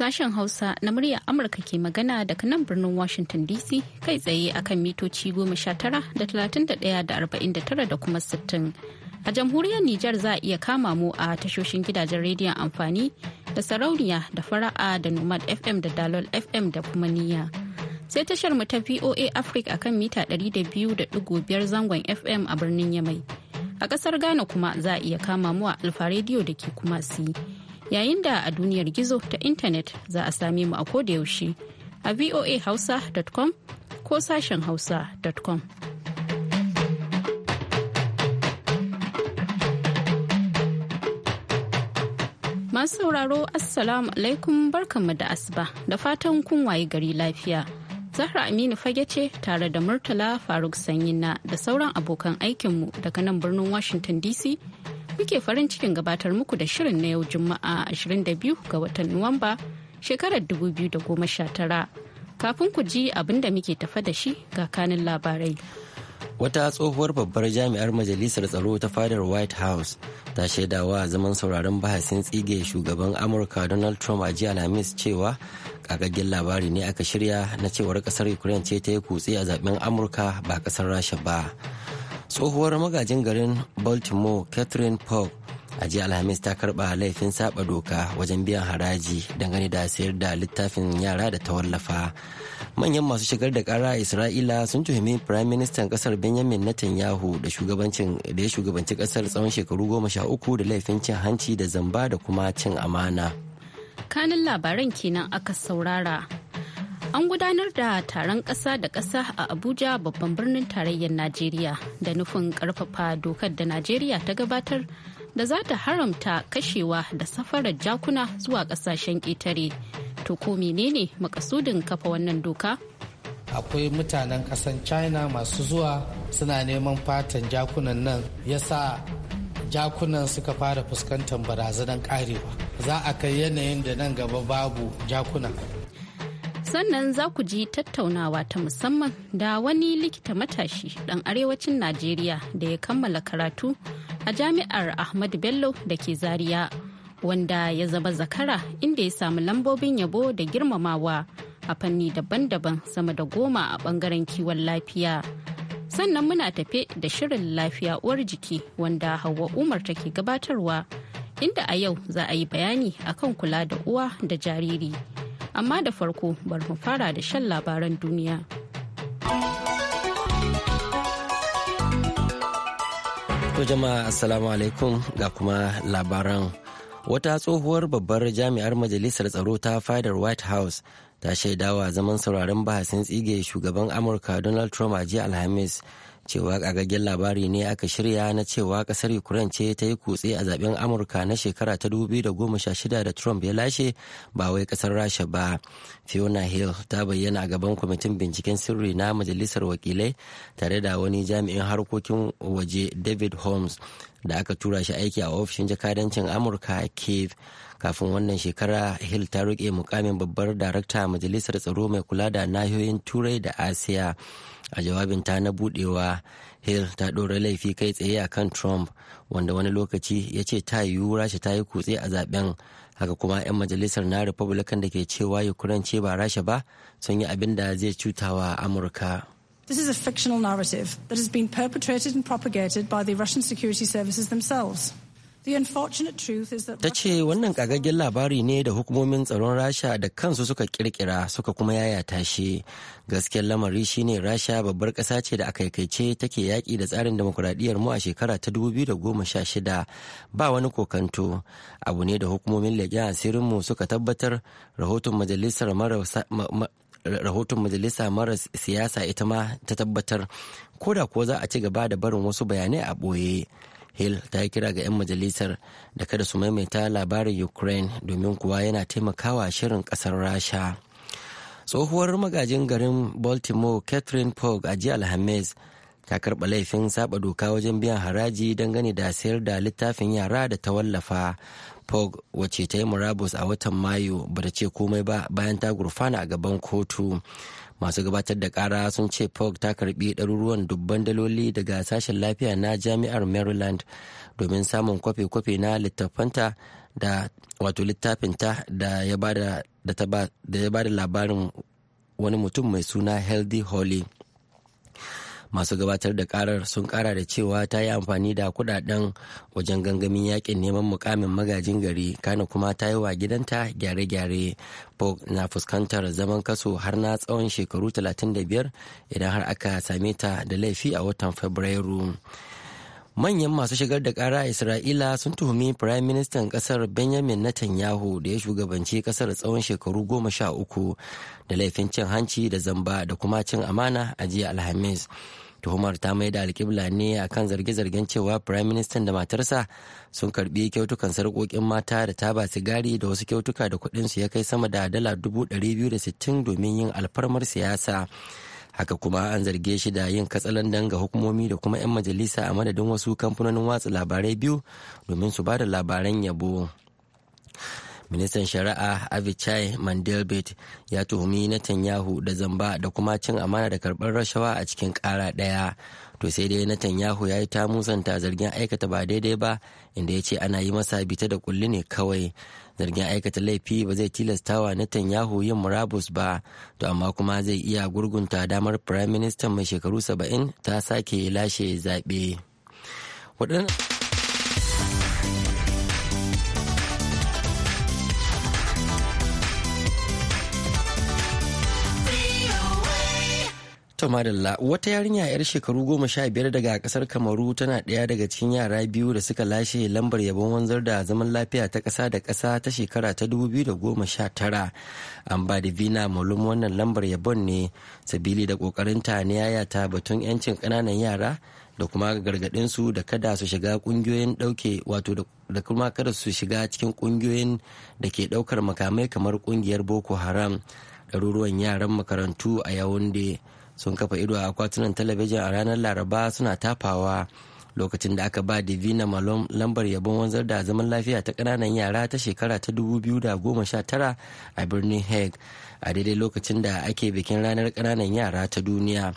Sashen Hausa na murya Amurka ke magana daga nan birnin Washington DC kai tsaye akan mitoci goma sha tara da talatin da ɗaya da arba'in da tara da kuma sittin. A jamhuriyar Nijar za a iya kama mu a tashoshin gidajen rediyon amfani da sarauniya da fara'a da Nomad FM da Dalol FM da kuma niya Sai tashar mu ta VOA Africa akan mita 200.5 zangon FM a birnin Yamai. A ƙasar Ghana kuma za a iya kama mu a Alfa Radio da ke kuma si. yayin da a duniyar gizo ta intanet za a same mu a kodayaushe a voahausa.com ko sashen hausa.com. Masu sauraro Assalamu alaikum barkanmu da asuba da fatan kun waye gari lafiya. Zahra Aminu fage ce tare da Murtala Faruk Sanyina da sauran abokan aikinmu daga nan birnin Washington DC muke farin cikin gabatar muku da shirin na yau Juma'a 22 ga watan Nuwamba shekarar 2019. Kafin ku ji abin da muke tafa da shi ga kanin labarai. Wata tsohuwar babbar jami'ar Majalisar Tsaro ta fadar White House ta shaidawa zaman sauraron bahasin tsige shugaban Amurka Donald Trump a jiya Alhamis cewa kagaggen labari ne aka shirya na cewar kasar Ukraine ce ta yi kutse a zaben Amurka ba kasar Rasha ba. tsohuwar magajin garin baltimore catherine pope a jiya alhamis ta karba laifin saba doka wajen biyan haraji dangane da sayar da littafin yara da ta wallafa manyan masu shigar da kara isra'ila sun tuhumi prime minister kasar benjamin netanyahu da shugabancin da ya shugabanci kasar tsawon shekaru goma sha uku da laifin cin hanci da zamba da kuma cin amana kanin labaran kenan aka saurara An gudanar da taron ƙasa da ƙasa a Abuja babban birnin tarayyar Najeriya da nufin ƙarfafa dokar da Najeriya ta gabatar da za ta haramta kashewa da safarar jakuna zuwa ƙasashen ƙetare. To ko menene makasudin kafa wannan doka? Akwai mutanen ƙasan China masu zuwa suna neman fatan jakunan nan yasa jakunan suka fara fuskantar barazanar karewa za a kai yanayin da nan gaba babu jakuna sannan za ku ji tattaunawa ta musamman da wani likita matashi ɗan arewacin najeriya da ya kammala karatu a jami'ar ahmadu bello da ke zaria wanda ya zaba zakara inda ya samu lambobin yabo da girmamawa a fanni daban-daban sama da goma a bangaren kiwon lafiya sannan muna tafe da shirin lafiya uwar jiki wanda hawa umar take gabatarwa inda a yau za a yi bayani akan kula da uwa da jariri. amma da farko bari mu fara da shan labaran duniya. To jama'a assalamu alaikum ga kuma labaran. Wata tsohuwar babbar jami'ar Majalisar Tsaro ta fadar White House ta shaidawa zaman sauraron bahasin tsige shugaban Amurka Donald Trump a jiya Alhamis. cewa kagaggen labari ne aka shirya na cewa kasar ukraine ce ta yi kutse a zaben amurka na shekara ta 2016 da trump ya lashe ba wai kasar rasha ba fiona hill ta bayyana a gaban kwamitin binciken sirri na majalisar wakilai tare da wani jami'in harkokin waje david holmes da aka tura shi aiki a ofishin jakadancin amurka cave kafin wannan shekara hill ta rike mukamin babbar darakta majalisar tsaro mai kula da nahiyoyin turai da asiya a jawabinta na budewa hill ta ɗora laifi kai tsaye a kan trump wanda wani lokaci ya ce ta yiwu rasha ta yi kutse a zaben haka kuma 'yan majalisar na republican da ke cewa ukraine ce ba rasha ba sun yi abin da zai cutawa amurka This is a fictional narrative that has been perpetrated and propagated by the Russian security services themselves. Ta ce wannan kagaggen labari ne da hukumomin tsaron Rasha da kansu suka kirkira suka kuma yayata shi. Gaskiyar lamari shine Rasha babbar ƙasa ce da akaikaice take yaƙi da tsarin demokuraɗiyar mu a shekara ta 2016 ba wani kokanto. Abu ne da hukumomin leƙen asirinmu suka tabbatar rahoton majalisar majalisa mara siyasa ita ma ta tabbatar ko da kuwa za a ci gaba da barin wasu bayanai a ɓoye. hill ta yi kira ga 'yan majalisar da kada su maimaita labarin ukraine domin kuwa yana taimakawa shirin kasar rasha tsohuwar magajin garin baltimore catherine pog a jiya alhamis ta karɓa laifin saba doka wajen biyan haraji dangane da sayar da littafin yara da ta wallafa pog wacce ta yi murabus a watan mayu ba ta ce komai ba bayan ta gurfana a gaban kotu masu gabatar da kara sun ce fog ta karbi ɗaruruwan dubban daloli daga sashen lafiya na jami'ar maryland domin samun kwafe-kwafe na littafanta da wato littafinta da ya bada labarin wani mutum mai suna healthy holly masu gabatar da karar sun kara da cewa ta yi amfani da kudaden wajen gangamin yakin neman mukamin magajin gari kana kuma ta yi wa gidanta gyare-gyare Fogg na fuskantar zaman kaso har na tsawon shekaru 35 idan har aka same ta da laifi a watan fabrairu. manyan masu shigar da kara a isra'ila sun tuhumi firayim ministan kasar benjamin netanyahu da ya shugabanci kasar tsawon shekaru goma sha uku da laifin cin hanci da zamba da kuma cin amana a jiya alhamis tuhumar ta mai da alkibla ne akan zarge-zargen cewa firayim ministan da matarsa sun karbi kyautukan sarƙoƙin mata da taba sigari da wasu kyautuka da kuɗinsu ya kai sama da dala dubu ɗari biyu da sittin domin yin alfarmar siyasa haka kuma an zarge shi da yin katsalandan ga hukumomi da kuma 'yan majalisa a madadin wasu kamfanonin watsa labarai biyu domin su ba da labaran yabo ministan shari'a avichai mandelbet ya tuhumi netanyahu da zamba da kuma cin amana da karbar rashawa a cikin kara daya to sai dai netanyahu ya yi ta musanta zargin aikata ba daidai ba inda ya ce ana yi masa bita da kulli ne kawai zargin aikata laifi ba zai tilasta tilastawa Netanyahu yin murabus ba to amma kuma zai iya gurgunta damar firaministan mai shekaru 70 ta sake lashe zaɓe. To madalla wata yarinya yar shekaru goma sha biyar daga kasar Kamaru tana ɗaya daga cikin yara biyu da suka lashe lambar yabon wanzar da zaman lafiya ta ƙasa da ƙasa ta shekara ta dubu biyu da tara. An ba da Vina Malum wannan lambar yabon ne sabili da ƙoƙarinta ne yayata batun 'yancin ƙananan yara da kuma gargaɗin su da kada su shiga ƙungiyoyin ɗauke wato da kuma kada su shiga cikin ƙungiyoyin da ke ɗaukar makamai kamar ƙungiyar Boko Haram. Ɗaruruwan yaran makarantu a da sun kafa ido a akwatunan talabijin a ranar laraba suna tafawa lokacin da aka ba divina malom lambar yabon wanzar da zaman lafiya ta kananan yara ta shekara ta 2019 a birnin hague a daidai lokacin da ake bikin ranar kananan yara ta duniya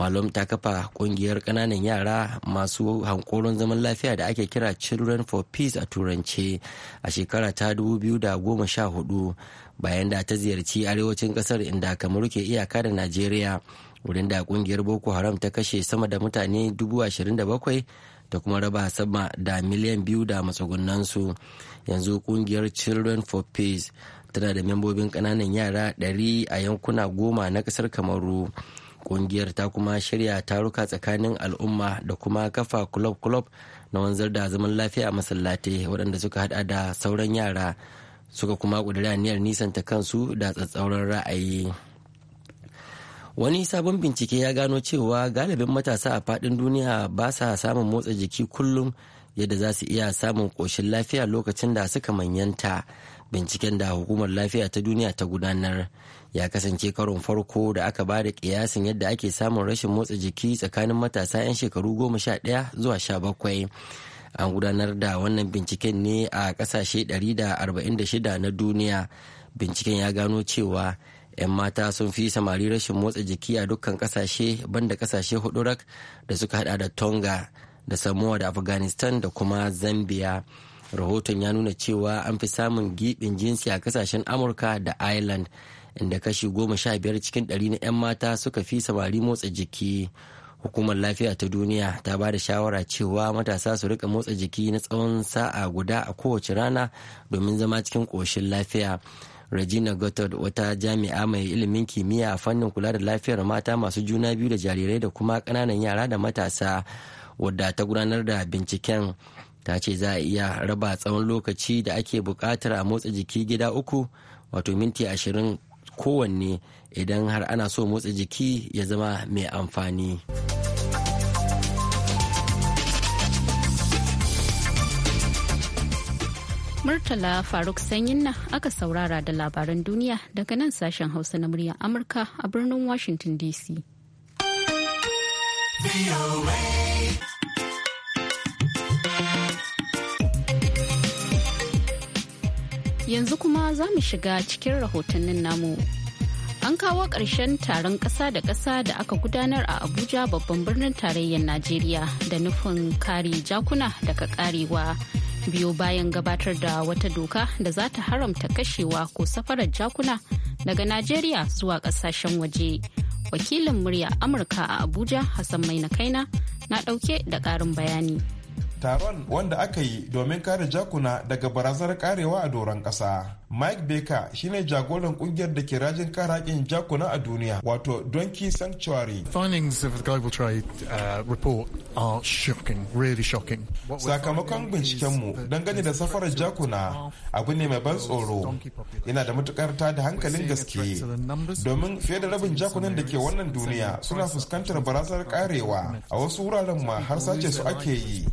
malum ta kafa kungiyar kananan yara masu hankoron zaman lafiya da ake kira children for peace a turance a shekara ta 2014 bayan da ta ziyarci arewacin kasar inda kamar ke iyaka da najeriya wurin da kungiyar boko haram ta kashe sama da mutane 27,000 ta kuma raba sama da miliyan biyu da matsugunansu yanzu kungiyar children for peace tana da membobin kananan yara 100 a yankuna goma na kasar kamaru Ƙungiyar ta kuma shirya taruka tsakanin al'umma da kuma kafa kulob-kulob na wanzar da zaman lafiya a masallatai waɗanda suka hada da sauran yara suka kuma ƙudiri aniyar nisanta kansu da tsatsauran ra'ayi. wani sabon bincike ya gano cewa galibin matasa a faɗin duniya ba sa samun motsa jiki kullum yadda za su iya samun ƙoshin lafiya lokacin da suka manyanta binciken da hukumar lafiya ta duniya ta gudanar ya kasance karon farko da aka ba da kiyasin yadda ake samun rashin motsa jiki tsakanin matasa 'yan shekaru goma sha ɗaya zuwa sha bakwai an gudanar da wannan binciken ne a ƙasashe 146 na duniya binciken ya gano cewa 'yan mata sun fi samari rashin motsa jiki a dukkan ƙasashe banda ƙasashe hudu rak da suka hada da tonga da samuwa da afghanistan da kuma zambia rahoton ya nuna cewa an fi samun giɓin jinsi a ƙasashen amurka da ireland inda kashi goma sha biyar cikin ɗari na 'yan mata suka fi samari motsa jiki hukumar lafiya ta duniya ta ba da shawara cewa matasa su rika motsa jiki na tsawon sa'a guda a kowace rana domin zama cikin ƙoshin lafiya regina gottard wata jami'a mai ilimin kimiyya a fannin kula da lafiyar mata masu juna biyu da jarirai da kuma ƙananan yara da matasa wadda ta gudanar da binciken ta ce za a iya raba tsawon lokaci da ake buƙatar a motsa jiki gida uku wato minti ashirin kowanne idan har ana so motsa jiki ya zama mai amfani. Murtala Faruk sanyin Sanyinna aka saurara da labaran duniya daga nan sashen Hausa na muryar Amurka a birnin Washington DC. yanzu kuma za mu shiga cikin rahotannin namu. An kawo ƙarshen taron ƙasa da ƙasa da aka gudanar a Abuja babban birnin tarayyar Najeriya da nufin kare jakuna daga karewa. Biyo bayan gabatar da wata doka da za ta haramta kashewa ko safarar jakuna daga Najeriya zuwa ƙasashen waje. Wakilin murya Amurka a Abuja Hassan Mai kaina na ɗauke da ƙarin bayani. taron wanda aka yi domin kare jakuna daga barazanar karewa a doron kasa Mike Baker shine jagoran kungiyar da ke rajin kare haƙƙin jakuna a duniya wato Donkey Sanctuary. Findings of the Global Trade uh, report are shocking, really shocking. Sakamakon bincikenmu dangane da safarar jakuna abu ne mai ban tsoro. Yana da matukar da hankalin gaske domin fiye da rabin jakunan da ke wannan duniya suna fuskantar barazanar karewa a wasu wuraren ma har sace su ake yi.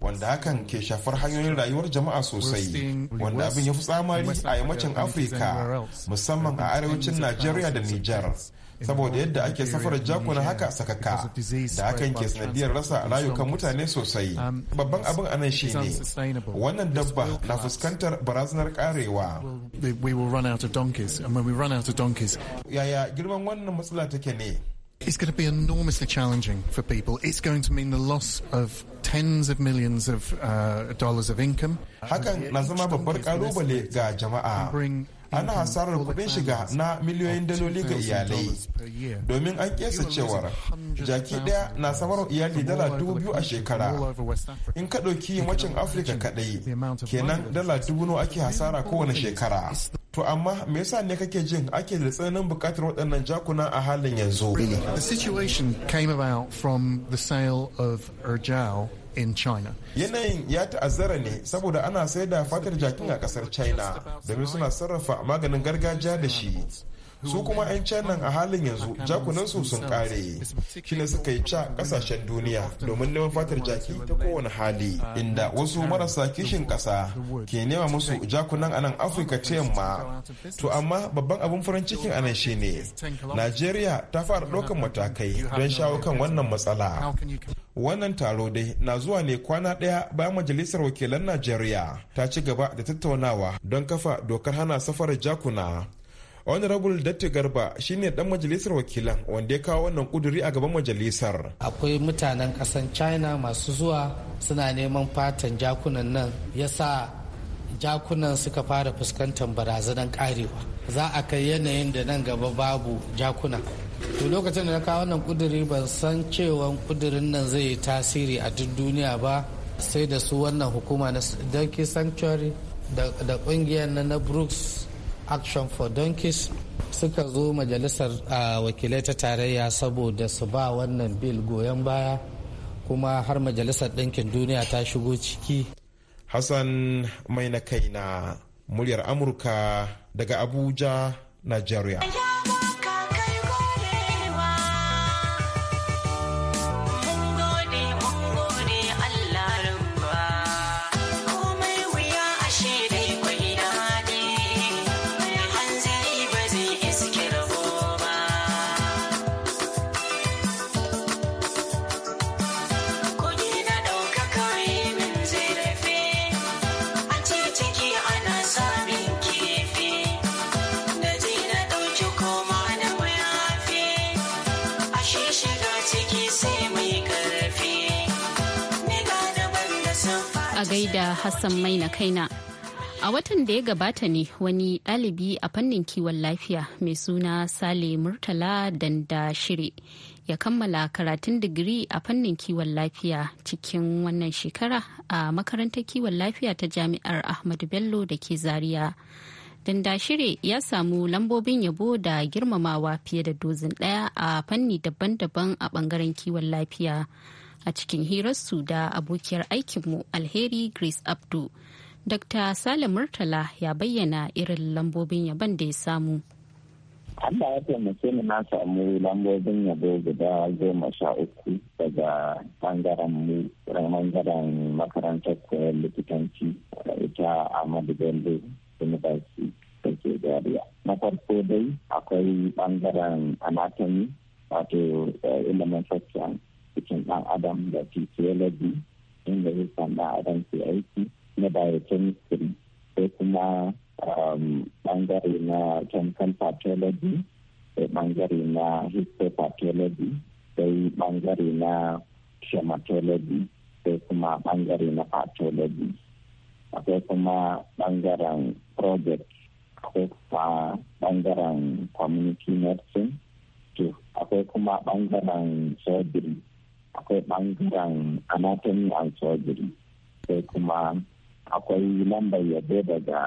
wanda hakan ke shafar hanyoyin rayuwar jama'a sosai wanda abin ya fi tsamari a yammacin afirka musamman a arewacin najeriya da nijar saboda yadda ake safar jakuna haka sakaka da hakan ke sanadiyar rasa rayukan mutane sosai um, babban abin anan shi ne wannan dabba na fuskantar barazanar karewa yaya girman wannan matsala take ne It's going to be enormously challenging for people. It's going to mean the loss of tens of millions of uh, dollars of income. Hakan na zama babbar kalubale ga jama'a. Ana hasarar kuɗin shiga na miliyoyin daloli ga iyalai. Domin an kesa cewar jaki ɗaya na samar iyali dala dubu biyu a shekara. In ka ɗauki yammacin Afirka kaɗai, kenan dala dubu nawa ake hasara kowane shekara. To amma me yasa ne kake jin ake da tsananin bukatar waɗannan jakuna a halin yanzu? The situation came about from the sale of Urjao in China. Yanayin ya ta'azzara ne saboda ana sayar da fatar jakin a kasar China domin suna sarrafa maganin gargajiya da shi. su kuma 'yan nan a halin yanzu jakunansu sun kare shine suka yi ca kasashen duniya domin neman fatar jaki ta kowane hali inda wasu marasa kishin kasa ke nema musu jakunan a nan afirka ta yamma to amma babban abin farin cikin anan shine najeriya ta fara ɗaukan matakai don shawo kan wannan matsala wannan taro dai na zuwa ne kwana ɗaya bayan majalisar wakilan najeriya ta ci gaba da tattaunawa don kafa dokar hana safarar jakuna honorable datti garba shine dan majalisar wakilan wanda ya kawo wannan kuduri a gaban majalisar akwai mutanen kasan china masu zuwa suna neman fatan jakunan nan yasa jakunan suka fara fuskantar barazanar karewa za a kai yanayin da nan gaba babu jakuna to lokacin da na kawo wannan kuduri ban san cewa kudurin nan zai yi tasiri a duk duniya ba sai da su wannan hukuma na donkey sanctuary da kungiyar na brooks action for donkeys suka zo majalisar wakilai ta tarayya saboda su ba wannan bil goyon baya kuma har majalisar ɗinkin duniya ta shigo ciki hassan mai na kai na muryar amurka daga abuja nigeria da Hassan Maina kaina. A watan da ya gabata ne wani ɗalibi a fannin kiwon lafiya mai suna Sale Murtala Danda Shire ya kammala karatun digiri a fannin kiwon lafiya cikin wannan shekara a makarantar kiwon lafiya ta Jami'ar Ahmadu Bello da ke Zaria. Danda Shire ya samu lambobin yabo da girmamawa fiye da dozin ɗaya a fanni daban-daban a ɓangaren kiwon lafiya. a cikin hirarsu da abokiyar aikinmu alheri grace abdu dr sale murtala ya bayyana irin lambobin yaban da ya samu Allah ya taimake ni na samu lambobin yabo guda goma sha uku daga bangaren mu bangaren makarantar koyar likitanci ita Ahmadu Bello University da ke Gariya. Na farko dai akwai bangaren anatomy wato eh, ilimin sassan cikin ɗan adam da physiology inda rufan ɗan adam ke aiki na biochemistry sai kuma um, ɓangare na chemical pathology sai ɓangare na histopathology sai ɓangare na hematology sai kuma ɓangare na pathology akwai kuma ɓangaren project akwai kuma ɓangaren community medicine akwai kuma ɓangaren surgery akwai bangaren anatomy and surgery sai kuma akwai lambar yabo daga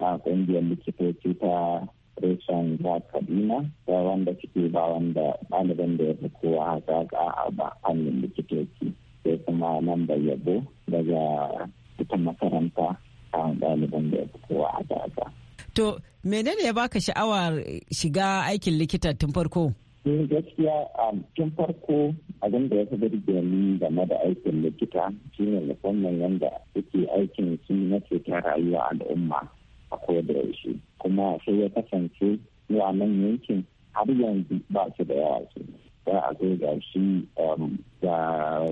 ƙungiyar likitoci ta reshen za kaduna da wanda suke ba wanda ɗaliban da ya fi kowa hazaƙa a ba fannin likitoci sai kuma lambar yabo daga ita makaranta a ɗaliban da ya fi kowa hazaƙa. To menene ya baka sha'awar shiga aikin likita tun farko? Ni gaskiya a um, tun farko abin da ya fi ni game da aikin likita shine musamman yadda yake aikin su na ceton rayuwa al'umma a da yaushe kuma sai ya kasance zuwa nan yankin har yanzu ba su da yawa su ba a zo ga shi da um,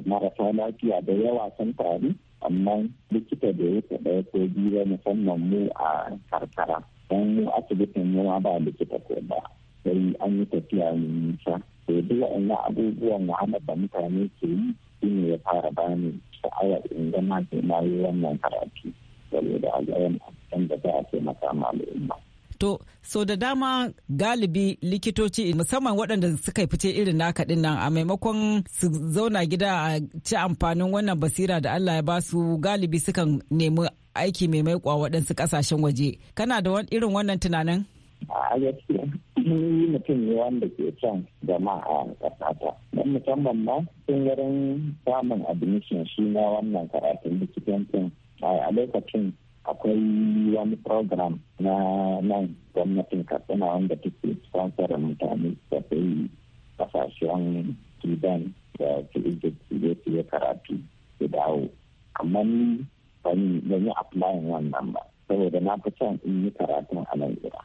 marasa lafiya da yawa sun faru amma likita da ya ɗaya ko biyu musamman mu a karkara don mu asibitin mu ba likita ko ba sai an yi tafiya mai nisa to duk ina abubuwan wahalar da mutane ke yi shine ya fara bani sha'awa in gama ke na yi wannan karatu saboda a gayan da za a taimaka ma al'umma. To, so da dama galibi likitoci musamman waɗanda suka fice irin naka ɗin nan a maimakon su zauna gida a ci amfanin wannan basira da Allah ya ba su galibi sukan nemi aiki mai maikwa waɗansu ƙasashen waje. Kana da irin wannan tunanin? a gaskiya ni mutum ne wanda ke son jama'a a ƙasata don musamman ma yi ran samun admission shi na wannan karatun likitancin a lokacin akwai wani program na nan gwamnatin katsina wanda take sponsor mutane da sai kasashen sudan da su egypt su yi karatu su dawo amma ni ban yi applying wannan ba saboda na fi son in yi karatun a nan gida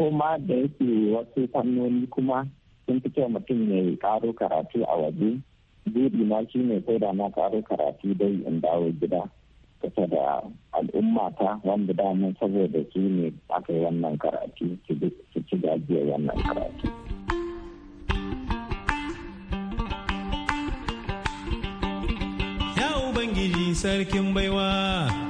ko ma da yake wasu fannoni kuma sun fi kyau mutum ya karo karatu a waje buri na shi ne ko da na karo karatu dai in dawo gida kusa da al'umma ta wanda dama saboda su ne aka yi wannan karatu su ci gajiyar wannan karatu. Ya Ubangiji sarkin baiwa.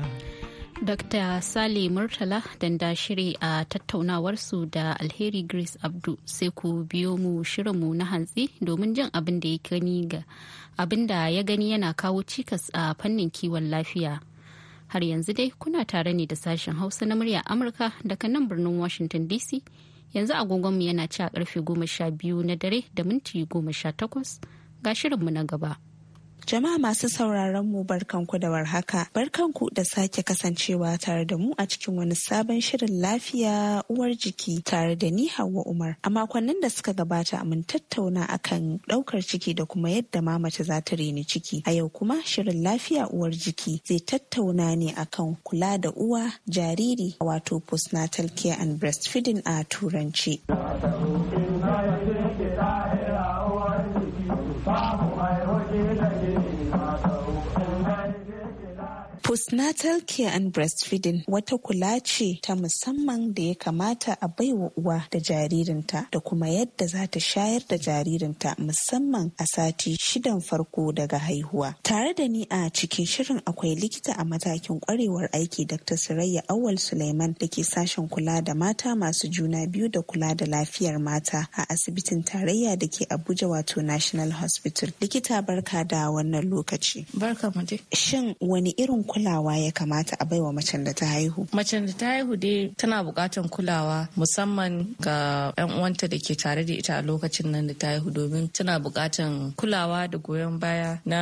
Dr. Sale Murtala danda shiri a tattaunawarsu da Alheri Grace Abdu sai ku biyo mu shirinmu na hantsi domin jin abin da ya gani ga abin da ya gani yana kawo cikas a fannin kiwon lafiya. Har yanzu dai kuna tare ne da sashen Hausa na murya Amurka daga nan birnin Washington DC. Yanzu agogonmu yana ci a karfe goma sha biyu na dare da minti goma sha takwas ga shirinmu na gaba. Jama'a masu sauraron mu barkanku da warhaka. Barkanku da sake kasancewa tare da mu a cikin wani sabon shirin lafiya uwar jiki tare da ni Hauwa Umar. A makonnin da suka gabata mun tattauna akan ɗaukar ciki da kuma yadda ma mace za ta reni ciki. A yau kuma shirin lafiya uwar jiki zai tattauna ne akan kula da uwa, jariri wato postnatal care and breastfeeding a turanci. Postnatal care and breastfeeding wata kula ce ta musamman da ya kamata a baiwa uwa da jaririnta da kuma yadda za ta shayar da jaririnta musamman a sati shidan farko daga haihuwa. Tare da ni a cikin shirin akwai likita a matakin kwarewar aiki Dr. Sirayya Awal Suleiman da ke sashen kula da mata masu juna biyu da kula da lafiyar mata a asibitin tarayya da ke Abuja wato National Hospital. Likita barka da wannan lokaci. Shin wani irin kulawa ya kamata a baiwa macen da ta haihu macen da ta haihu dai tana bukatan kulawa musamman ga 'yan uwanta da ke tare da ita a lokacin nan da ta haihu domin tana bukatan kulawa da goyon baya na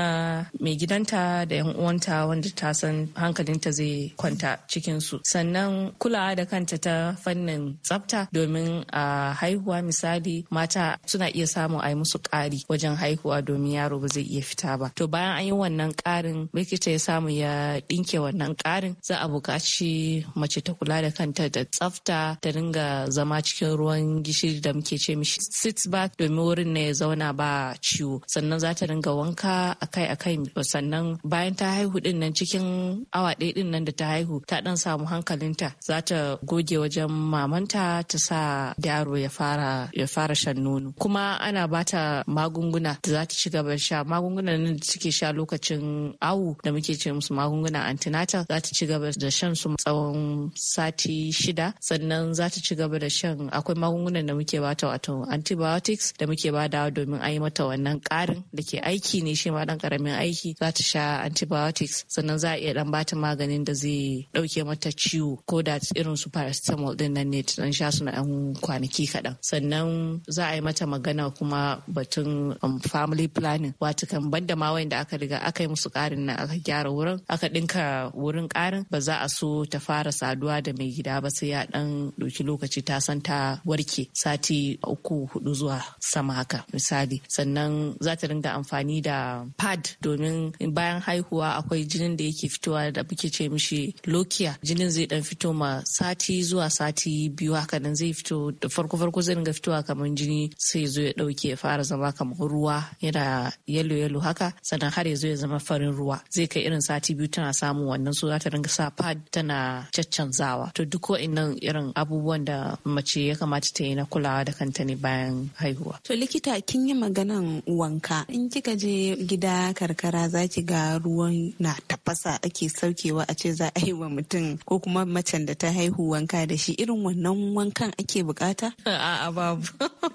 mai gidanta da 'yan uwanta wanda ta san hankalinta zai kwanta cikin su sannan kulawa da kanta ta fannin tsafta domin a haihuwa misali mata suna iya samu a yi musu ƙari wajen haihuwa domin yaro ba zai iya fita ba to bayan an yi wannan ƙarin likita ya samu ya dinke ɗinke wannan karin za a buƙaci mace ta kula da kanta da tsafta ta ringa zama cikin ruwan gishiri da muke ce mishi sits bath domin wurin ne ya zauna ba ciwo sannan za ta dinga wanka akai-akai sannan bayan ta haihu din nan cikin awa ɗaya din nan da ta haihu ta ɗan samu hankalinta za ta goge wajen mamanta ta sa yaro ya fara ya fara shan nono kuma ana bata magunguna da za ta ci gaba sha magungunan nan da suke sha lokacin awu da muke ce musu magunguna magungunan antenatal za ta ci gaba da shan su tsawon sati shida sannan za ta ci gaba da shan akwai magungunan da muke bata wato antibiotics da muke ba badawa domin a yi mata wannan karin da ke aiki ne shi ma dan karamin aiki za ta sha antibiotics sannan za a iya dan bata maganin da zai dauke mata ciwo ko da irin su paracetamol din nan ne dan sha su na yan kwanaki kaɗan sannan za a yi mata magana kuma batun um, family planning wata kan banda ma wanda aka riga aka yi musu karin nan aka gyara wurin aka dinka ɗinka wurin ƙarin ba za a so ta fara saduwa da mai gida ba sai ya ɗan ɗauki lokaci ta san ta warke sati uku hudu zuwa sama haka misali sannan za ta dinga amfani da pad domin bayan haihuwa akwai jinin da yake fitowa da muke ce mishi lokiya jinin zai dan fito ma sati zuwa sati biyu haka nan zai fito da farko farko zai dinga fitowa kamar jini sai zo ya dauke ya fara zama kamar ruwa yana yalo yalo haka sannan har ya zo ya zama farin ruwa zai kai irin sati biyu tana samun wannan so za ta ringa sa pad tana caccanzawa to duk wa'annan irin abubuwan da mace ya kamata ta yi na kulawa da kanta ne bayan haihuwa to likita kin yi maganan wanka in kika je gida karkara za ki ga ruwan na tafasa ake saukewa a ce za a yi wa mutum ko kuma macen da ta haihu wanka da shi irin wannan wankan ake bukata a'a babu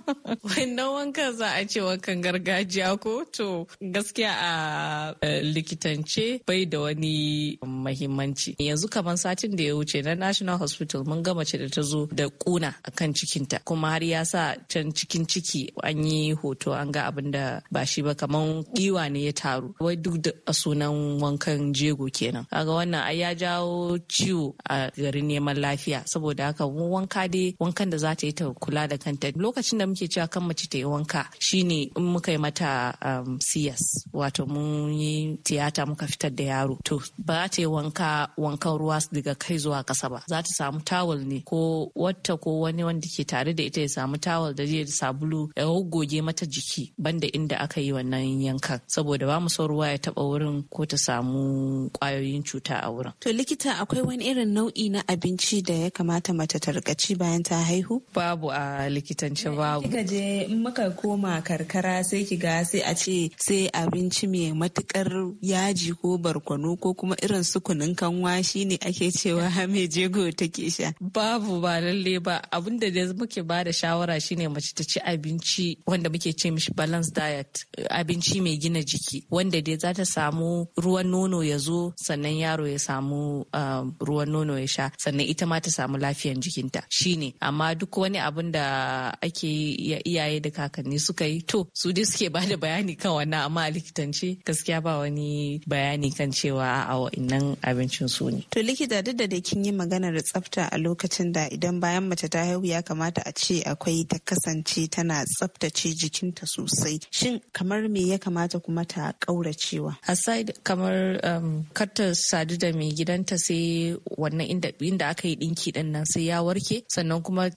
wannan wankan za a ce wankan gargajiya ko to gaskiya a eh, likitance bai da wani mahimmanci yanzu kamar satin da ya wuce na national hospital mun ga mace da ta zo da kuna a kan cikinta kuma har ya sa can cikin ciki an yi hoto an ga abin da ba shi ba kamar giwa ne ya taru wai duk da sunan wankan jego kenan kaga wannan ai ya jawo ciwo a garin neman lafiya saboda haka wanka dai wankan da za ta yi ta kula da kanta lokacin da muke cewa kan mace ta yi wanka shine in muka yi mata um, CS wato mun yi tiyata muka fitar da yaro to ba ta yi wanka wankan ruwa daga kai zuwa ƙasa ba za ta samu tawul ne ko wata ko wani wanda ke tare da ita ya samu tawul da zai sabulu ya goge mata jiki banda inda aka yi wannan yankan saboda ba mu so ruwa ya taba wurin ko ta samu kwayoyin cuta a wurin. To likita akwai wani irin nau'i na abinci da ya kamata mata ta bayan ta haihu? Babu a likitance babu. Kika je in muka koma karkara sai ki ga sai a ce sai abinci mai matukar yaji ko barkwano ko kuma irin su kunun kanwa shine ake cewa hame jego take sha babu ba lalle ba abin da muke ba da shawara shine mace ta ci abinci wanda muke ce mishi balance diet abinci mai gina jiki wanda dai za ta samu ruwan nono ya zo sannan yaro ya samu um, ruwan nono ya sha sannan ita ma ta samu lafiyan jikinta shine amma duk wani abin da ake iyaye da kakanni suka yi to su dai suke ba da bayani kan wannan amma a likitance gaskiya ba wani bayani kan cewa a wa'innan abincin su ne. To likita duk da kin yi magana da tsafta a lokacin da idan bayan mace ta haihu ya kamata a ce akwai ta kasance tana tsaftace jikinta sosai. Shin kamar me ya kamata kuma ta kauracewa? Aside kamar um, kata sadu da mai gidanta sai wannan inda, inda aka yi dinki din nan sai ya warke sannan kuma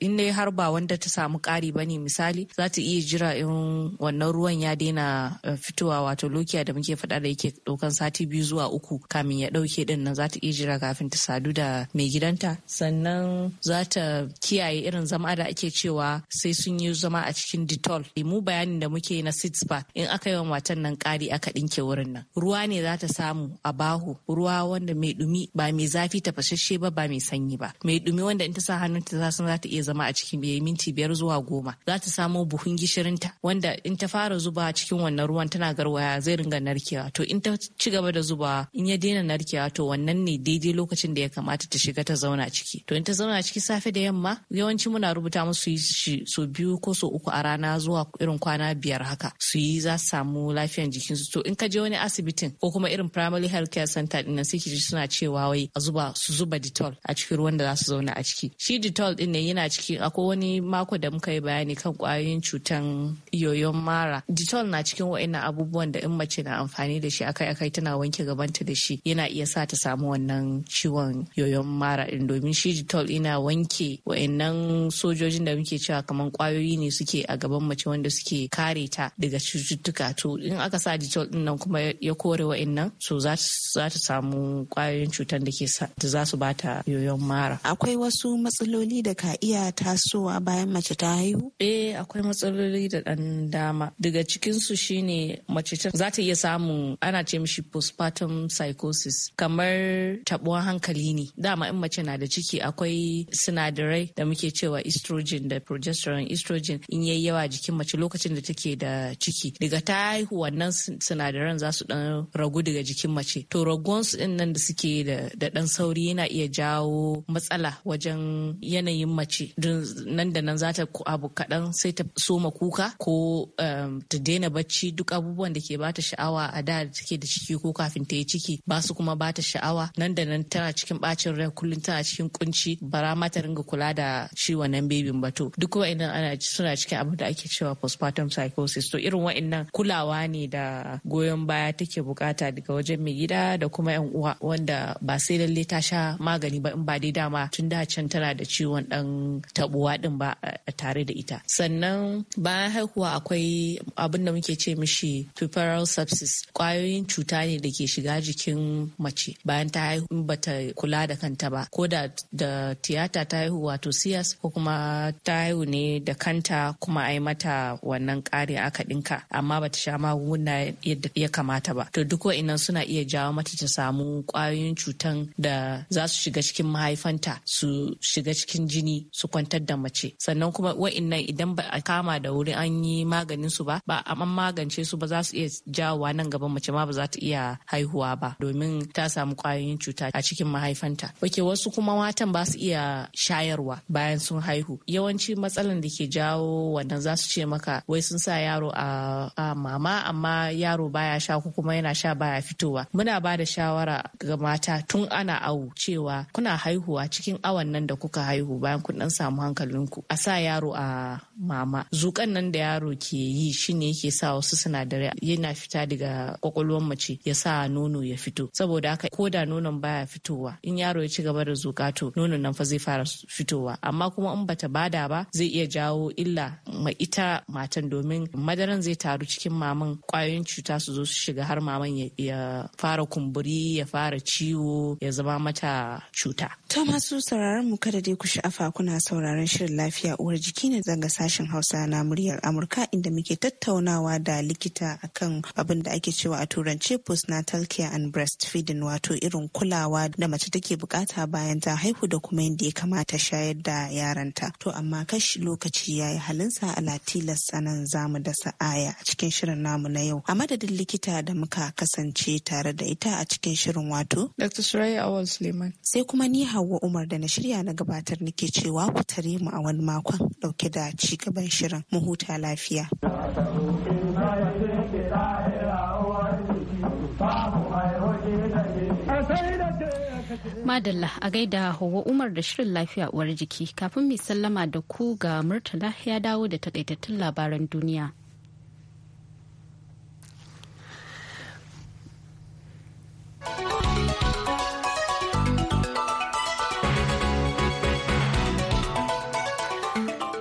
in dai har ba wanda ta samu kari ba ne misali za ta iya jira in wannan ruwan ya daina uh, fitowa wato lokiya da muke faɗa da yake ɗaukan sati biyu zuwa uku kamin ya ɗauke ɗin nan za ta iya jira kafin ta sadu da mai gidanta sannan za ta kiyaye irin zama da ake cewa sai sun yi zama a cikin detol mu bayanin da muke na sits ba in aka yi wa matan nan ƙari aka ɗinke wurin nan ruwa ne za ta samu a baho ruwa wanda mai ɗumi ba mai zafi tafashashe ba ba mai sanyi ba mai ɗumi wanda in ta sa hannunta za san za ta iya zama a cikin minti biyar zuwa goma za ta samo buhun gishirinta wanda in ta fara zuba cikin wannan ruwan tana garwaya zai ringa narkewa to in ta ci gaba da zubawa. in ya daina narkewa to wannan ne daidai lokacin da ya kamata ta shiga ta zauna ciki to in ta zauna ciki safe da yamma yawanci muna rubuta musu shi so biyu ko so uku a rana zuwa irin kwana biyar haka su yi za su samu lafiyan jikinsu to in ka je wani asibitin ko kuma irin primary health care center din nan sai ji suna cewa wai a zuba su zuba ditol a cikin ruwan da za su zauna a ciki shi detol din ne yana ciki akwai wani mako da muka yi bayani kan kwayoyin cutan yoyon mara detol na cikin wa'annan abubuwan da in mace na amfani da shi akai akai tana wanke gaba gabanta da shi yana iya sa ta samu wannan ciwon yoyon mara din domin shi jitol ina wanke wa'annan sojojin da muke cewa kamar kwayoyi ne suke a gaban mace wanda suke kare ta daga cututtuka to in aka sa jitol din nan kuma ya kore wa'annan so za ta samu kwayoyin cutar da ke za su bata yoyon mara akwai wasu matsaloli da ka iya tasowa bayan mace ta haihu eh akwai matsaloli da dan dama daga cikin shine mace za ta iya samun ana ce mishi postpartum cutan psychosis kamar tabuwan hankali ne dama in mace na da ciki akwai sinadarai da muke cewa estrogen da progesterone estrogen in yayi yawa jikin mace lokacin da take da ciki daga ta haihu wannan sinadaran za su dan ragu daga jikin mace to raguwan su din nan da suke da dan sauri yana iya jawo matsala wajen yanayin mace don nan da nan za ta abu kaɗan sai ta soma kuka ko um, ta daina bacci duk abubuwan da ke bata sha'awa a da take da ciki ko kafin ta yi ciki ba su kuma ba ta sha'awa nan da nan tana cikin bacin rai kullum tana cikin kunci bara ma ta ringa kula da shi wannan bebin ba to duk wa'annan ana suna cikin abin da ake cewa postpartum psychosis to irin wa'annan kulawa ne da goyon baya take bukata daga wajen mai gida da kuma yan uwa wanda ba sai lalle ta sha magani ba in ba dai dama tun da can tana da ciwon dan tabuwa din ba tare da ita sannan bayan haihuwa akwai abin da muke ce mishi puerperal sepsis kwayoyin cuta ne da ke shiga shiga jikin mace bayan ta haihu bata kula da kanta ba ko da da tiyata ta haihu wato siyas ko kuma ta haihu ne da kanta kuma ai mata wannan ƙarin aka ɗinka amma bata sha magunguna yadda ya kamata ba to duk wa'innan suna iya jawo mata ta samu ƙwayoyin cutan da za su shiga cikin mahaifanta su shiga cikin jini su kwantar da mace sannan kuma wa'innan idan ba a kama da wuri an yi maganin su ba ba a magance su ba za su iya jawowa nan gaban mace ma ba za ta iya haihuwa haihuwa ba domin ta samu kwayoyin cuta a cikin mahaifanta wake wasu kuma matan ba su iya shayarwa bayan sun haihu yawanci matsalan da ke jawo wannan za su ce maka wai sun sa yaro a, a mama amma yaro baya sha ko kuma yana sha baya fitowa muna ba da shawara ga mata tun ana awu cewa kuna haihuwa cikin awan nan da kuka haihu bayan kun dan samu hankalinku a sa yaro a mama zukan nan da yaro ke yi shine yake sa wasu sinadarai yana fita daga kwakwalwar mace ya sa nono nono ya fito saboda haka koda da nonon baya fitowa in yaro ya ci gaba da zuƙa to nonon nan fa zai fara fitowa amma kuma in bata bada ba zai iya jawo illa ma ita matan domin madaran zai taru cikin maman kwayoyin cuta su zo su shiga har maman ya fara kumburi ya fara ciwo ya zama mata cuta. Ta masu sauraron mu kada dai ku sha'afa kuna sauraron shirin lafiya uwar jiki ne zanga sashen Hausa na muryar Amurka inda muke tattaunawa da likita akan abin da ake cewa a turance postnatal care care and breastfeeding wato irin kulawa da mace take bukata bayan ta haihu da kuma yadda ya kamata shayar da yaranta to amma kashi lokaci ya yi halinsa ala tilas anan zamu da sa'aya a cikin shirin namu na yau a madadin likita da muka kasance tare da ita a cikin shirin wato Dr. Shirai Awal Suleiman sai kuma ni Hauwa Umar da na shirya na gabatar nake cewa ku tare mu a wani makon dauke da ci gaban shirin mu huta lafiya. Madalla a gaida Hauwa Umar da shirin lafiya uwar jiki kafin mai sallama da ku ga Murtala ya dawo da takaitattun labaran duniya.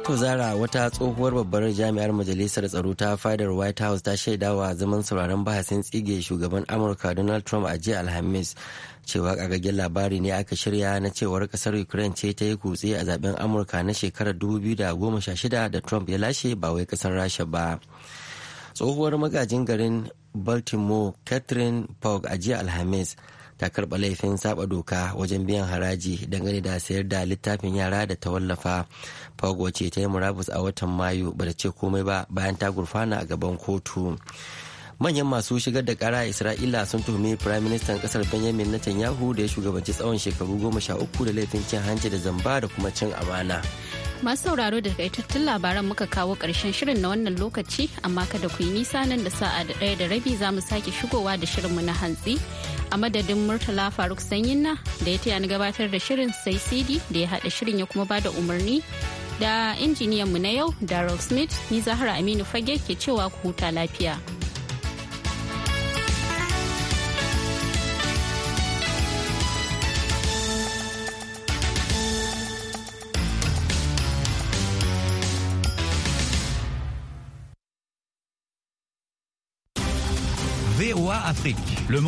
yau zara wata tsohuwar babbar jami'ar majalisar tsaro ta fadar white house ta shaidawa zaman sauraron bahasin tsige shugaban amurka donald trump a jiya alhamis cewa kagaggen labari ne aka shirya na cewar kasar ukraine ce ta yi kutse a zaben amurka na shekarar 2016 da trump ya lashe ba wai kasar rasha ba tsohuwar magajin garin baltimore catherine pog a jiya alhamis ta karɓa laifin saba doka wajen biyan haraji dangane da sayar da littafin yara da ta wallafa fago ce ta yi murabus a watan mayu ba da ce komai ba bayan ta gurfana a gaban kotu manyan masu shigar da kara isra'ila sun tuhumi prime minister kasar benjamin netanyahu da ya shugabanci tsawon shekaru goma sha uku da laifin cin hanci da zamba da kuma cin amana Masu sauraro da takaitattun labaran muka kawo ƙarshen shirin na wannan lokaci amma kada ku yi nisa nan da sa'a da ɗaya da rabi za mu sake shigowa da shirinmu na hantsi. A madadin Murtala Faruk sanyin na da ya taya ni gabatar da shirin sai CD da ya haɗa shirin ya kuma bada umarni da mu na yau darrell Smith ni Zahra Aminu Fage ke cewa ku huta lafiya. Afrique. Le monde